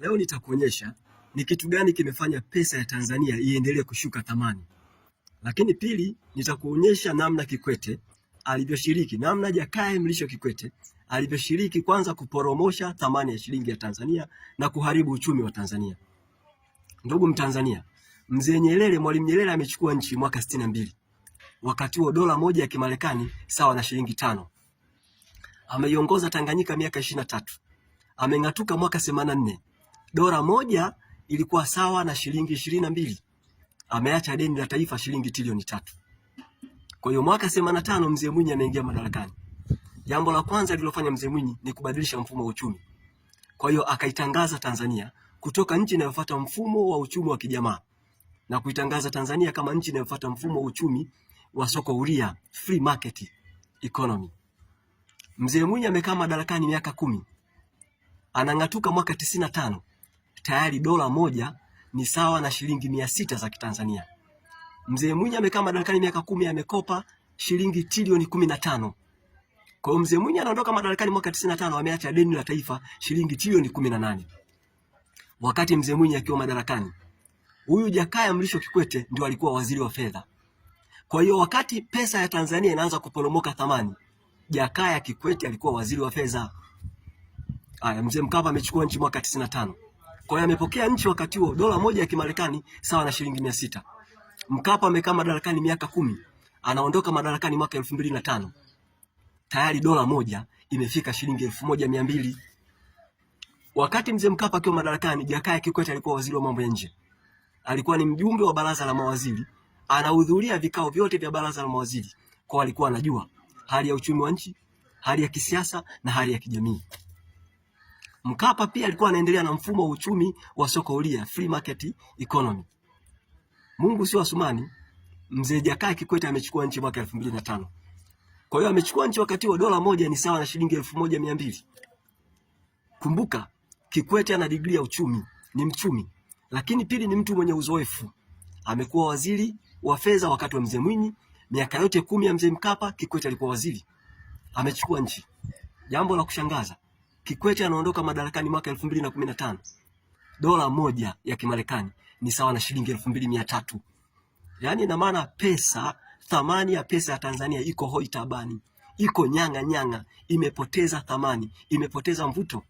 Leo nitakuonyesha ni kitu gani kimefanya pesa ya Tanzania iendelee kushuka thamani, lakini pili, nitakuonyesha namna Kikwete alivyoshiriki, namna Jakaya Mlisho Kikwete alivyoshiriki kwanza kuporomosha thamani ya shilingi ya Tanzania na kuharibu uchumi wa Tanzania. Ndugu Mtanzania, mzee Nyerere, Mwalimu Nyerere amechukua nchi mwaka sitini na mbili. Wakati huo dola moja ya Kimarekani sawa na shilingi tano. Ameiongoza Tanganyika miaka ishirini na tatu. Ameng'atuka mwaka themanini na nne dola moja ilikuwa sawa na shilingi ishirini na mbili. Ameacha deni la taifa shilingi trilioni tatu. Kwa hiyo mwaka 85 mzee Mwinyi ameingia madarakani. Jambo la kwanza alilofanya mzee Mwinyi ni kubadilisha mfumo wa uchumi. Kwa hiyo akaitangaza Tanzania kutoka nchi inayofuata mfumo wa uchumi wa kijamaa na kuitangaza Tanzania kama nchi inayofuata mfumo wa uchumi wa soko huria, free market economy. Mzee Mwinyi amekaa madarakani miaka kumi. Anang'atuka mwaka tano tayari dola moja ni sawa na shilingi mia sita za Kitanzania. Mzee Mwinyi amekaa madarakani miaka kumi, amekopa shilingi trilioni kumi na tano. Kwa hiyo mzee Mwinyi anaondoka madarakani mwaka tisini na tano, ameacha deni la taifa shilingi trilioni nane. Wakati mzee Mwinyi akiwa madarakani, huyu Jakaya Mrisho Kikwete ndio alikuwa waziri wa fedha. Kwa hiyo wakati pesa ya Tanzania inaanza kuporomoka thamani, Jakaya Kikwete alikuwa waziri wa fedha. Aya, mzee Mkapa amechukua nchi mwaka tisini na tano. Kwa hiyo amepokea nchi wakati huo dola moja ya Kimarekani sawa na shilingi mia sita. Mkapa amekaa madarakani miaka kumi, anaondoka madarakani mwaka elfu mbili na tano tayari dola moja imefika shilingi elfu moja mia mbili. Wakati mzee Mkapa akiwa madarakani, Jakaya Kikwete alikuwa waziri wa mambo ya nje, alikuwa ni mjumbe wa baraza la mawaziri, anahudhuria vikao vyote vya baraza la mawaziri, kwa alikuwa anajua hali ya uchumi wa nchi, hali ya kisiasa na hali ya kijamii. Mkapa pia alikuwa anaendelea na mfumo wa uchumi wa soko huria, free market economy. Mungu sio Asumani. Mzee Jakaya Kikwete amechukua nchi mwaka 2005. Kwa hiyo amechukua nchi wakati wa dola moja ni sawa na shilingi 1200. Kumbuka Kikwete ana degree ya uchumi, ni mchumi. Lakini pili ni mtu mwenye uzoefu. Amekuwa waziri wa fedha wakati wa mzee Mwinyi, miaka yote kumi ya mzee Mkapa Kikwete alikuwa waziri. Amechukua nchi. Jambo la kushangaza. Kikwete anaondoka madarakani mwaka 2015. Dola moja ya Kimarekani ni sawa na shilingi 2300. Yaani ina maana pesa, thamani ya pesa ya Tanzania iko hoi tabani, iko nyang'a nyang'a, imepoteza thamani, imepoteza mvuto.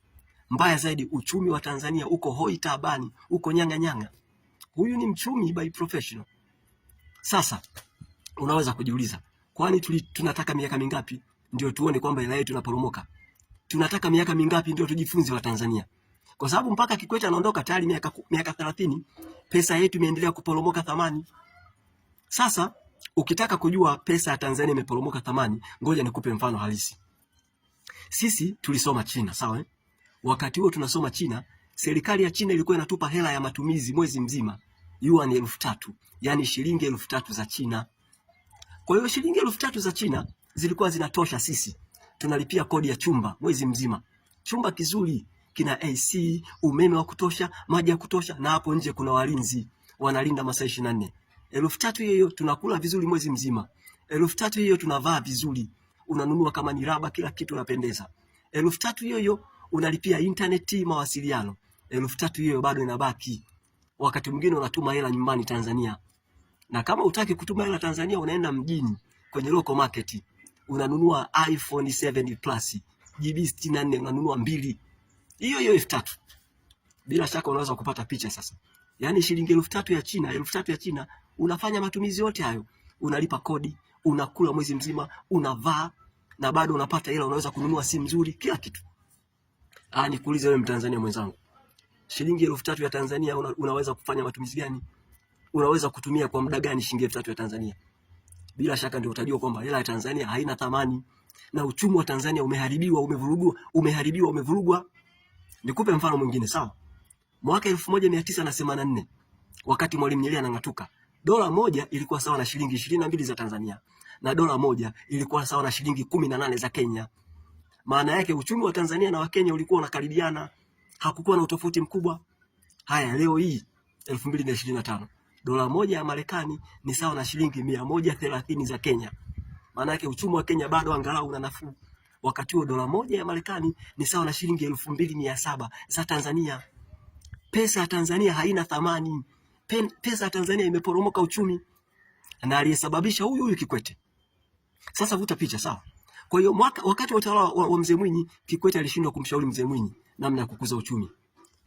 Mbaya zaidi uchumi wa Tanzania uko hoi tabani, uko nyang'a nyang'a. Huyu ni mchumi by professional. Sasa unaweza kujiuliza, kwani tunataka miaka mingapi ndio tuone kwamba hela yetu inaporomoka? tunataka miaka mingapi ndio tujifunze wa Tanzania? Kwa sababu mpaka Kikwete anaondoka tayari miaka miaka 30 pesa yetu imeendelea kuporomoka thamani. Sasa ukitaka kujua pesa ya Tanzania imeporomoka thamani, ngoja nikupe mfano halisi. Sisi tulisoma China, sawa eh? Wakati huo tunasoma China, serikali ya China ilikuwa inatupa hela ya matumizi mwezi mzima, yuan elfu tatu, yani shilingi elfu tatu za China. Kwa hiyo shilingi elfu tatu za China zilikuwa zinatosha sisi tunalipia kodi ya chumba mwezi mzima. Chumba kizuri kina AC, umeme wa kutosha, maji ya kutosha, na hapo nje kuna walinzi wanalinda masaa 24. Elfu tatu hiyo tunakula vizuri mwezi mzima. Elfu tatu hiyo tunavaa vizuri, unanunua kama ni raba, kila kitu unapendeza. Elfu tatu hiyo unalipia intaneti, mawasiliano. Elfu tatu hiyo bado inabaki, wakati mwingine unatuma hela nyumbani Tanzania, na kama utaki kutuma hela Tanzania unaenda mjini kwenye local market unanunua iPhone 7 Plus GB 64 unanunua mbili, hiyo hiyo elfu tatu. Bila shaka unaweza kupata picha sasa. yani shilingi elfu tatu ya China, elfu tatu ya China unafanya matumizi yote hayo, unalipa kodi, unakula mwezi mzima, unavaa na bado unapata hela, unaweza kununua simu nzuri, kila kitu. Ah, nikuulize wewe Mtanzania mwenzangu, shilingi elfu tatu ya Tanzania una, unaweza kufanya matumizi gani? Unaweza kutumia kwa muda gani shilingi elfu tatu ya Tanzania? bila shaka ndio utajua kwamba hela ya Tanzania haina thamani na uchumi wa Tanzania umeharibiwa, umevurugwa, umeharibiwa, umevurugwa. Nikupe mfano mwingine sawa. Mwaka 1984 wakati Mwalimu Nyerere anang'atuka, dola moja ilikuwa sawa na shilingi 22 za Tanzania na dola moja ilikuwa sawa na shilingi 18 za Kenya. Maana yake uchumi wa Tanzania na wa Kenya ulikuwa unakaribiana, hakukuwa na utofauti mkubwa. Haya, leo hii 2025 dola moja ya Marekani ni sawa na shilingi mia moja thelathini za Kenya. Maana yake uchumi wa Kenya bado angalau una nafuu, wakati huo dola moja ya Marekani ni sawa na shilingi elfu mbili mia saba za Tanzania. Pesa ya Tanzania haina thamani. Pen, Pesa ya Tanzania imeporomoka uchumi, na aliyesababisha huyu huyu Kikwete. Sasa vuta picha, sawa. Kwa hiyo wakati wa utawala wa, wa mzee Mwinyi, Kikwete alishindwa kumshauri mzee Mwinyi namna ya kukuza uchumi.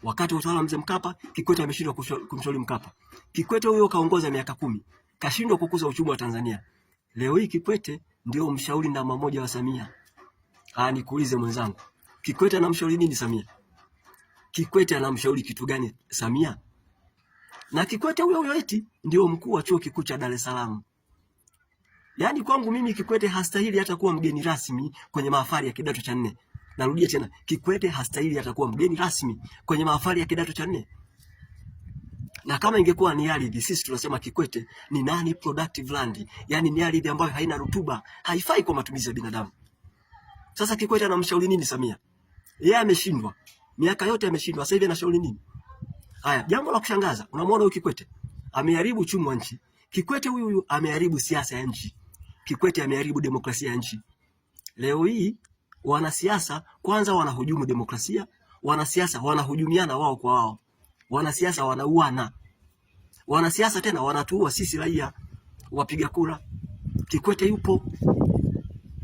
Wakati wa utawala wa Mzee Mkapa, Kikwete ameshindwa kumshauri Mkapa. Kikwete huyo kaongoza miaka kumi, kashindwa kukuza uchumi wa Tanzania. Leo hii Kikwete ndio mshauri namba moja wa Samia. Ah, nikuulize mwenzangu, Kikwete anamshauri nini Samia? Kikwete anamshauri kitu gani Samia? Na Kikwete huyo huyo eti ndio mkuu wa chuo kikuu cha Dar es Salaam. Yaani kwangu mimi Kikwete hastahili hata kuwa mgeni rasmi kwenye mahafali ya kidato cha nne. Narudia tena, Kikwete hastahili atakuwa mgeni rasmi kwenye mahafali ya kidato cha nne. Na kama ingekuwa ni ardhi, sisi tunasema Kikwete ni nani productive land, yani ni ardhi ambayo haina rutuba, haifai kwa matumizi ya binadamu. Sasa Kikwete anamshauri nini Samia? Yeye ameshindwa miaka yote, ameshindwa. Sasa hivi anashauri nini? Haya, jambo la kushangaza, unamwona huyu Kikwete ameharibu uchumi wa nchi. Kikwete huyu huyu ameharibu siasa ya nchi. Kikwete ameharibu demokrasia ya nchi. Leo hii wanasiasa kwanza wanahujumu demokrasia, wanasiasa wanahujumiana wao kwa wao, wanasiasa wanauana, wanasiasa tena wanatuua sisi raia wapiga kura. Kikwete yupo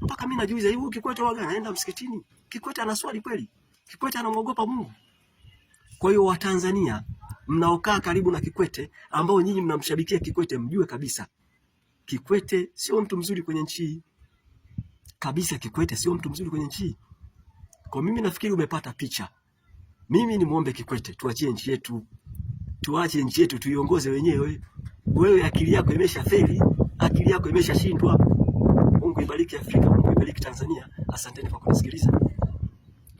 mpaka mimi najiuliza, hivi Kikwete waga anaenda msikitini? Kikwete anaswali kweli? Kikwete anamwogopa Mungu? Kwa hiyo Watanzania mnaokaa karibu na Kikwete ambao nyinyi mnamshabikia Kikwete, mjue kabisa Kikwete sio mtu mzuri kwenye nchi hii kabisa Kikwete sio mtu mzuri kwenye nchi. Kwa mimi nafikiri umepata picha. Mimi ni muombe Kikwete, tuachie nchi yetu, tuache nchi yetu tuiongoze wenyewe. Wewe akili yako imesha feli, akili yako imesha shindwa. Mungu ibariki Afrika, Mungu ibariki Tanzania. Asanteni kwa kunisikiliza.